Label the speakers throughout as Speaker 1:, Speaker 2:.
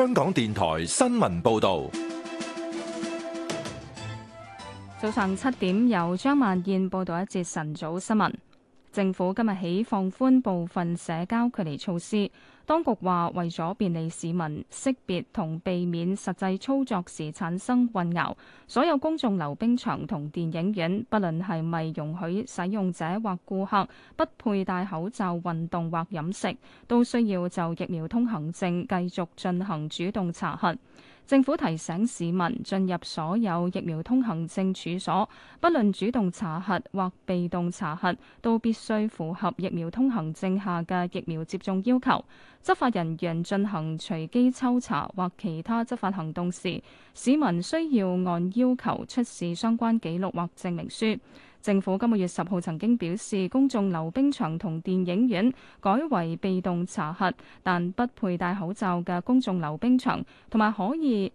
Speaker 1: 香港電台新聞報道，
Speaker 2: 早上七點由張萬燕報道一節晨早新聞。政府今日起放寬部分社交距離措施。當局話，為咗便利市民識別同避免實際操作時產生混淆，所有公眾溜冰場同電影院，不論係咪容許使用者或顧客不佩戴口罩運動或飲食，都需要就疫苗通行證繼續進行主動查核。政府提醒市民進入所有疫苗通行證處所，不論主動查核或被動查核，都必須符合疫苗通行證下嘅疫苗接種要求。執法人員進行隨機抽查或其他執法行動時，市民需要按要求出示相關記錄或證明書。政府今個月十號曾經表示，公眾溜冰場同電影院改為被動查核，但不佩戴口罩嘅公眾溜冰場同埋可以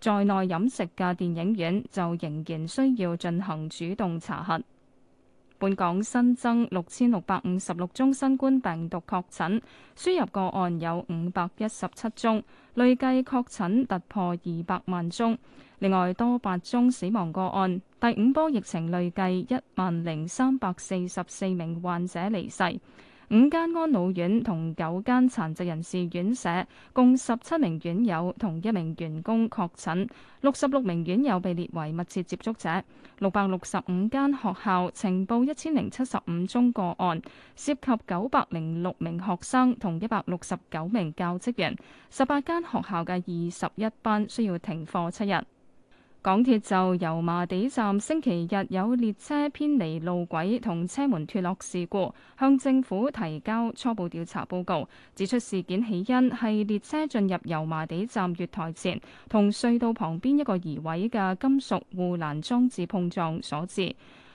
Speaker 2: 在內飲食嘅電影院就仍然需要進行主動查核。本港新增六千六百五十六宗新冠病毒確診，輸入個案有五百一十七宗，累計確診突破二百萬宗。另外多八宗死亡個案，第五波疫情累計一萬零三百四十四名患者離世。五間安老院同九間殘疾人士院舍共十七名院友同一名員工確診，六十六名院友被列為密切接觸者。六百六十五間學校呈報一千零七十五宗個案，涉及九百零六名學生同一百六十九名教職員，十八間學校嘅二十一班需要停課七日。港鐵就油麻地站星期日有列車偏離路軌同車門脫落事故，向政府提交初步調查報告，指出事件起因係列車進入油麻地站月台前，同隧道旁邊一個移位嘅金屬護欄裝置碰撞所致。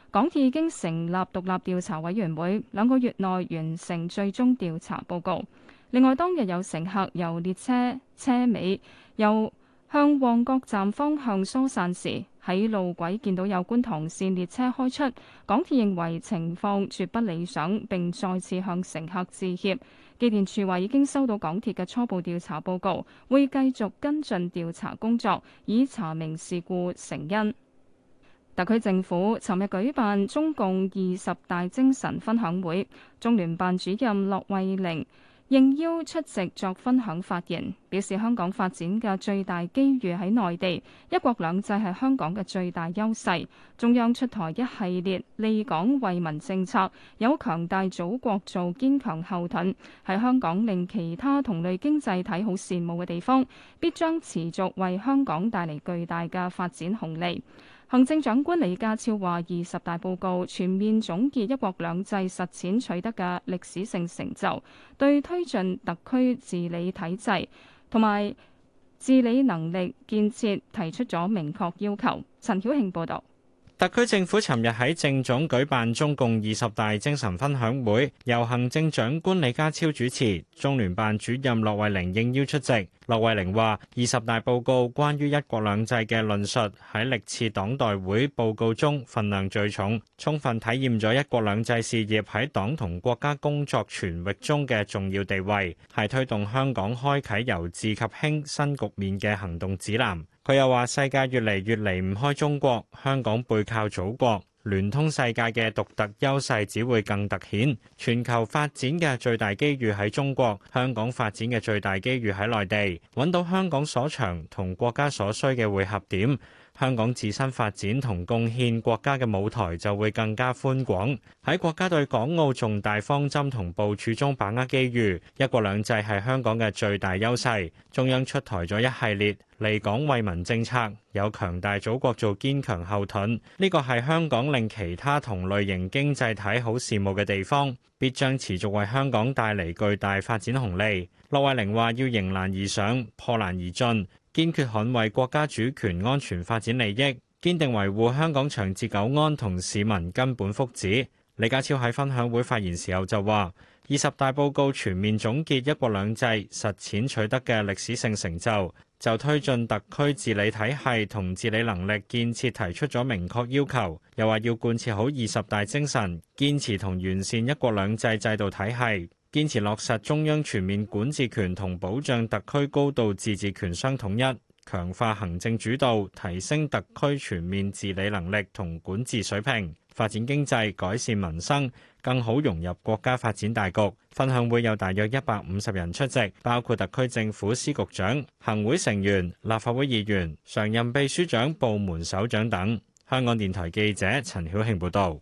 Speaker 2: 港鐵已經成立獨立調查委員會，兩個月內完成最終調查報告。另外，當日有乘客由列車車尾又。向旺角站方向疏散時，喺路軌見到有觀塘線列車開出。港鐵認為情況絕不理想，並再次向乘客致歉。機電處話已經收到港鐵嘅初步調查報告，會繼續跟進調查工作，以查明事故成因。特區政府尋日舉辦中共二十大精神分享會，中聯辦主任駱惠寧。應邀出席作分享發言，表示香港發展嘅最大機遇喺內地，一國兩制係香港嘅最大優勢，中央出台一系列利港惠民政策，有強大祖國做堅強後盾，喺香港令其他同類經濟體好羨慕嘅地方，必將持續為香港帶嚟巨大嘅發展紅利。行政長官李家超話，二十大報告全面總結一國兩制實踐取得嘅歷史性成就，對推進特區治理體制同埋治理能力建設提出咗明確要求。陳曉慶報道。
Speaker 1: 特區政府尋日喺政總舉辦中共二十大精神分享會，由行政長官李家超主持，中聯辦主任駱惠寧應邀出席。駱惠寧話：二十大報告關於一國兩制嘅論述喺歷次黨代會報告中份量最重，充分體驗咗一國兩制事業喺黨同國家工作全域中嘅重要地位，係推動香港開啓由治及興新局面嘅行動指南。佢又話：世界越嚟越離唔開中國，香港背靠祖國，聯通世界嘅獨特優勢只會更突顯。全球發展嘅最大機遇喺中國，香港發展嘅最大機遇喺內地，揾到香港所長同國家所需嘅匯合點。香港自身發展同貢獻國家嘅舞台就會更加寬廣。喺國家對港澳重大方針同部署中把握機遇，一國兩制係香港嘅最大優勢。中央出台咗一系列利港惠民政策，有強大祖國做堅強後盾，呢個係香港令其他同類型經濟體好羨慕嘅地方，必將持續為香港帶嚟巨大發展紅利。駱惠寧話：要迎難而上，破難而進。堅決捍衛國家主權、安全、發展利益，堅定維護香港長治久安同市民根本福祉。李家超喺分享會發言時候就話：二十大報告全面總結一國兩制實踐取得嘅歷史性成就，就推進特區治理體系同治理能力建設提出咗明確要求，又話要貫徹好二十大精神，堅持同完善一國兩制制度體系。堅持落實中央全面管治權同保障特區高度自治權相統一，強化行政主導，提升特區全面治理能力同管治水平，發展經濟、改善民生，更好融入國家發展大局。分享會有大約一百五十人出席，包括特區政府司局長、行會成員、立法會議員、常任秘書長、部門首長等。香港電台記者陳曉慶報導。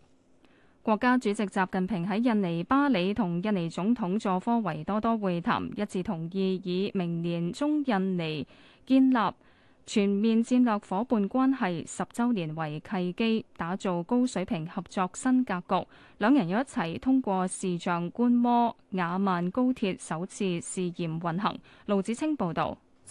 Speaker 2: 國家主席習近平喺印尼巴里同印尼總統佐科維多多會談，一致同意以明年中印尼建立全面戰略伙伴關係十週年為契機，打造高水平合作新格局。兩人又一齊通過視像觀摩雅萬高鐵首次試驗運行。盧子清報導。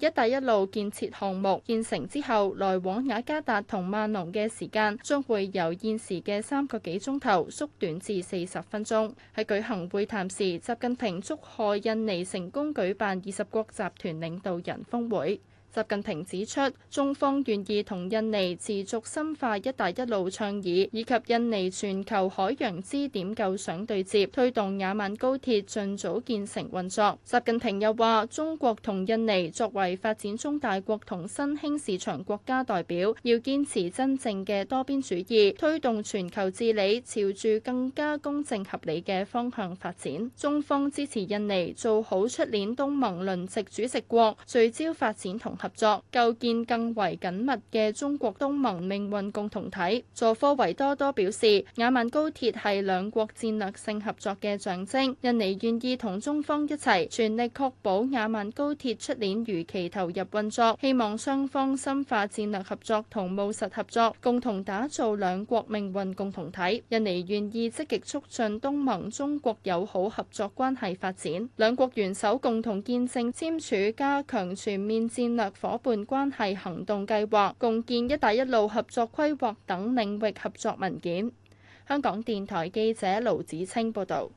Speaker 3: 一帶一路建設項目建成之後，來往雅加達同萬隆嘅時間將會由現時嘅三個幾鐘頭縮短至四十分鐘。喺舉行會談時，習近平祝賀印尼成功舉辦二十國集團領導人峰會。習近平指出，中方願意同印尼持續深化“一帶一路”倡議，以及印尼全球海洋支點構想對接，推動雅萬高鐵盡早建成運作。習近平又話：中國同印尼作為發展中大國同新興市場國家代表，要堅持真正嘅多邊主義，推動全球治理朝住更加公正合理嘅方向發展。中方支持印尼做好出年東盟輪值主席國，聚焦發展同合作，構建更為緊密嘅中國東盟命運共同體。佐科維多多表示，亞萬高鐵係兩國戰略性合作嘅象徵，印尼願意同中方一齊全力確保亞萬高鐵出年如期投入運作，希望雙方深化戰略合作同務實合作，共同打造兩國命運共同體。印尼願意積極促進東盟中國友好合作關係發展，兩國元首共同見證簽署加強全面戰略。夥伴關係行動計劃、共建「一帶一路」合作規劃等領域合作文件。香港電台記者盧子清報道。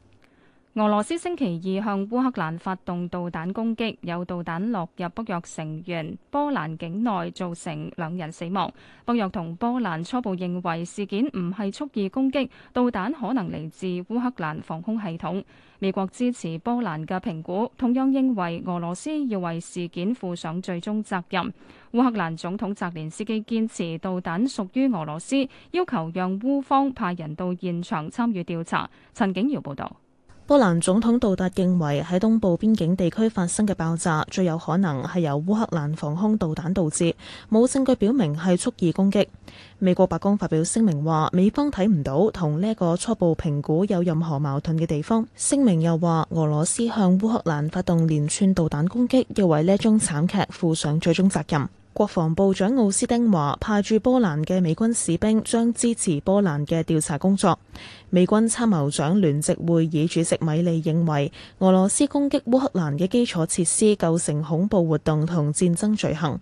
Speaker 2: 俄羅斯星期二向烏克蘭發動導彈攻擊，有導彈落入北約成員波蘭境內，造成兩人死亡。北約同波蘭初步認為事件唔係蓄意攻擊，導彈可能嚟自烏克蘭防空系統。美國支持波蘭嘅評估，同樣認為俄羅斯要為事件負上最終責任。烏克蘭總統澤連斯基堅持導彈屬於俄羅斯，要求讓烏方派人到現場參與調查。陳景堯報道。
Speaker 4: 波蘭總統杜達認為喺東部邊境地區發生嘅爆炸最有可能係由烏克蘭防空導彈導致，冇證據表明係蓄意攻擊。美國白宮發表聲明話，美方睇唔到同呢一個初步評估有任何矛盾嘅地方。聲明又話，俄羅斯向烏克蘭發動連串導彈攻擊，要為呢宗慘劇負上最終責任。國防部長奧斯丁話，派駐波蘭嘅美軍士兵將支持波蘭嘅調查工作。美軍參謀長聯席會議主席米利認為，俄羅斯攻擊烏克蘭嘅基礎設施構成恐怖活動同戰爭罪行。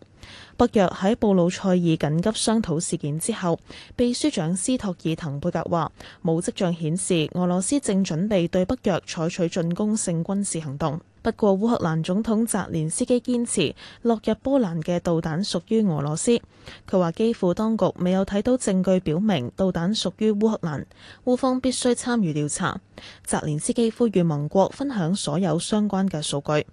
Speaker 4: 北約喺布魯塞爾緊急商討事件之後，秘書長斯托爾滕貝格話：冇跡象顯示俄羅斯正準備對北約採取進攻性軍事行動。不過烏克蘭總統澤連斯基堅持，落入波蘭嘅導彈屬於俄羅斯。佢話基輔當局未有睇到證據表明導彈屬於烏克蘭，烏方必須參與調查。澤連斯基呼籲盟國分享所有相關嘅數據。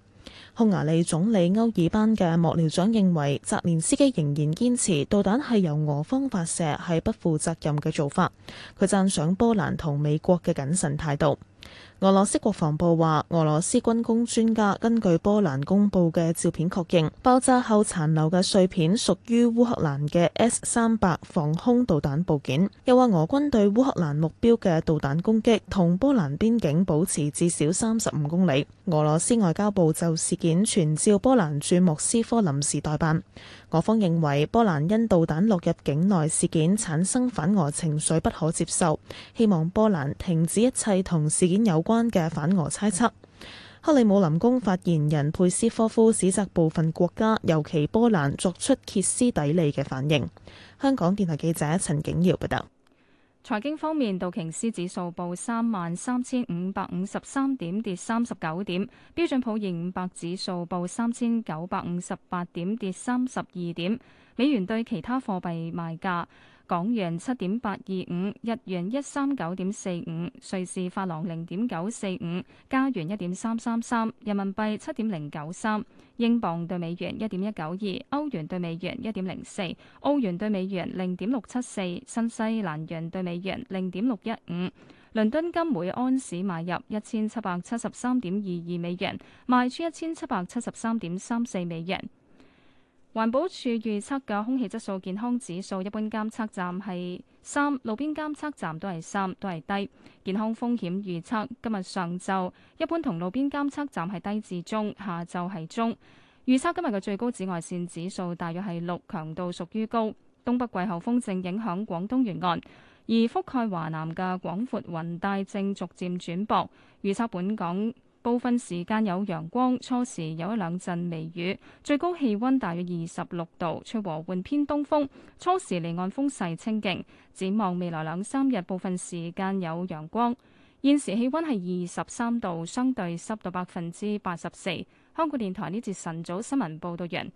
Speaker 4: 匈牙利總理歐爾班嘅幕僚長認為，澤連斯基仍然堅持導彈係由俄方發射係不負責任嘅做法。佢讚賞波蘭同美國嘅謹慎態度。俄羅斯國防部話，俄羅斯軍工專家根據波蘭公布嘅照片確認，爆炸後殘留嘅碎片屬於烏克蘭嘅 S 三百防空導彈部件。又話俄軍對烏克蘭目標嘅導彈攻擊，同波蘭邊境保持至少三十五公里。俄羅斯外交部就事件傳召波蘭駐莫斯科臨時代辦。我方認為，波蘭因導彈落入境內事件產生反俄情緒不可接受，希望波蘭停止一切同事件有關嘅反俄猜測。克里姆林宮發言人佩斯科夫指責部分國家，尤其波蘭作出歇斯底里嘅反應。香港電台記者陳景堯報道。財
Speaker 2: 經方面，道瓊斯指數報三萬三千五百五十三點，跌三十九點；標準普爾五百指數報三千九百五十八點，跌三十二點。美元對其他貨幣賣價。港元七點八二五，日元一三九點四五，瑞士法郎零點九四五，加元一點三三三，人民幣七點零九三，英鎊對美元一點一九二，歐元對美元一點零四，澳元對美元零點六七四，新西蘭元對美元零點六一五。倫敦金每安士買入一千七百七十三點二二美元，賣出一千七百七十三點三四美元。環保署預測嘅空氣質素健康指數，一般監測站係三，路邊監測站都係三，都係低。健康風險預測，今日上晝一般同路邊監測站係低至中，下晝係中。預測今日嘅最高紫外線指數大約係六，強度屬於高。東北季候風正影響廣東沿岸，而覆蓋華南嘅廣闊雲帶正逐漸轉薄。預測本港。部分時間有陽光，初時有一兩陣微雨，最高氣温大約二十六度，吹和緩偏東風。初時離岸風勢清勁，展望未來兩三日，部分時間有陽光。現時氣温係二十三度，相對濕度百分之八十四。香港電台呢節晨早新聞報道完。